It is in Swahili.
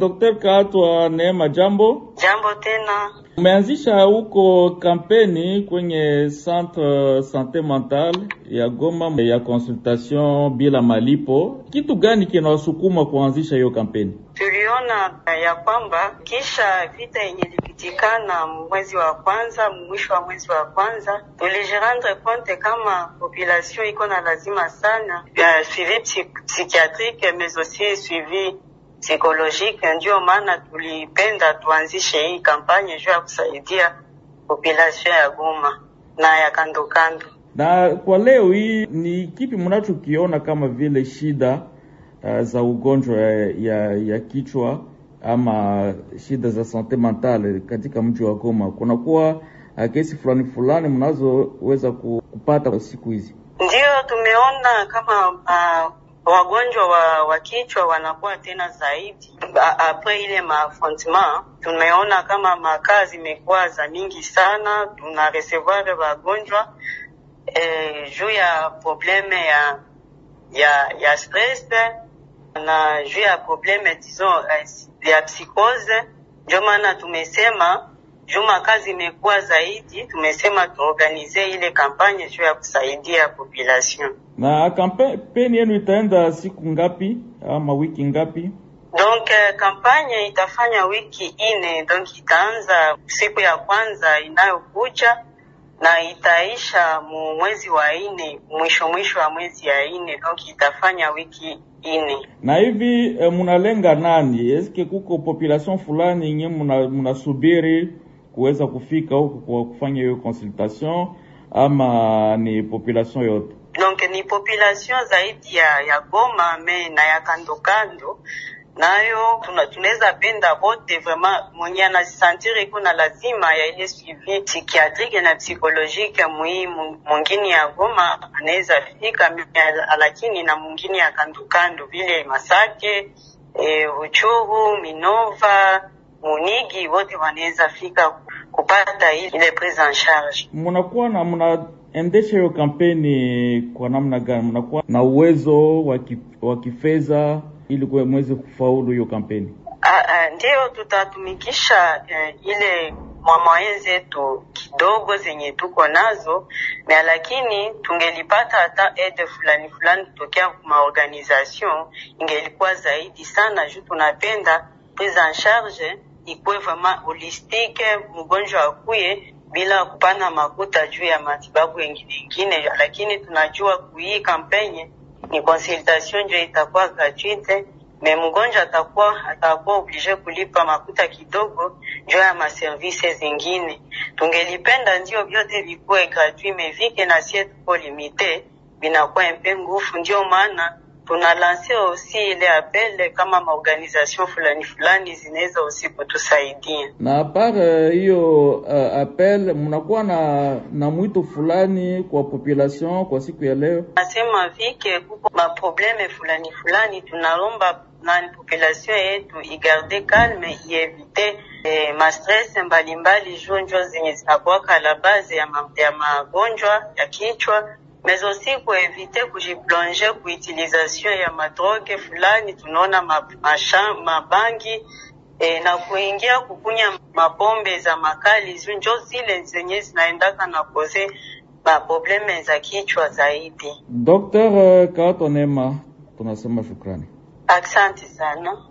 Dr. Katwa Neema, jambo. Jambo tena. Umeanzisha huko kampeni kwenye centre sante mentale ya Goma ya consultation bila malipo. Kitu gani kinawasukuma kuanzisha hiyo kampeni? Tuliona ya kwamba kisha vita yenye ilipitikana mwezi wa kwanza, mwisho wa mwezi wa kwanza, tulijirendre compte kama population iko na lazima sana ya suivi psychiatrique mais aussi suivi psychologique. Ndio maana tulipenda tuanzishe hii kampanye juu ya kusaidia population ya Goma na ya kando kando. Na kwa leo hii ni kipi mnachokiona kama vile shida uh, za ugonjwa ya, ya, ya kichwa ama shida za sante mentale katika mji wa Goma? Kunakuwa uh, kesi fulani fulani mnazoweza kupata siku hizi? Ndio tumeona kama uh, wagonjwa wa, wa kichwa wanakuwa tena zaidi apres ile maafrontement. Tumeona kama makazi imekuwa za mingi sana, tuna recevoir wagonjwa eh, juu ya probleme ya ya ya stress na juu ya probleme disons eh, ya psikose. Ndio maana tumesema Juma kazi imekuwa zaidi, tumesema tuorganize ile kampanye juu ya kusaidia population. Na kampeni yenu itaenda siku ngapi ama wiki ngapi? Donc kampanye euh, itafanya wiki ine, donc itaanza siku ya kwanza inayokuja na itaisha mu mwezi wa ine, mwisho mwisho wa mwezi ya ine, donc itafanya wiki ine. Na hivi eh, munalenga nani? Eske kuko population fulani nye munasubiri muna kuweza kufika huku kwa kufanya hiyo consultation ama ni population yote? Donc ni population zaidi ya ya Goma me na ya kando kando nayo tunaweza penda bote vraiment mwenye anasantire kuna lazima ya ile suivi psikiatrike na psikologike mwi mwingine ya Goma anaweza fika, lakini na mwingine ya kandokando vile Masake, e, eh, Uchuru, Minova Munigi wote wanaweza fika kupata ile prise en charge. Mnakuwa na mnaendesha hiyo kampeni eh, kwa namna gani? Mnakuwa na uwezo wa kifedha ili mweze kufaulu hiyo kampeni? Ah, ah, Ndiyo, tutatumikisha eh, ile mwamwaye zetu kidogo zenye tuko nazo na lakini, tungelipata hata aide fulani fulani kutokea kuma ingelikuwa zaidi sana, juu tunapenda prise en charge ikuwe vama holistike, mgonjwa akuye bila kupana makuta juu ya matibabu yengine yengine, lakini tunajua kuhii kampenye ni consultation ndio itakuwa gratuite me mgonjwa atakuwa atakuwa oblige kulipa makuta kidogo juu ya maservice zingine. Tungelipenda ndio vyote vikuwe gratuit, mevike na sie tuko limite, vinakuwa mpe ngufu, ndio maana tunalansia osi ile apele kama maorganization fulani fulani zinaweza usi kutusaidia. Na apart euh, hiyo uh, apel mnakuwa na na mwito fulani kwa population kwa siku ya leo, nasema vike kuko maprobleme fulani fulani, tunalomba na population yetu igarde calme, ievite eh, mastress mbalimbali, jonjo zenye zinakuwaka la base ya magonjwa ya kichwa mais aussi kuevite kujiplonge kuutilization ya madroge fulani, tunaona mabangi e, na kuingia kukunya mapombe za makali zu njo zile zenye zinaendaka na koze maprobleme za kichwa zaidi. Dr. Euh, Katonema, tunasema shukrani, asante sana.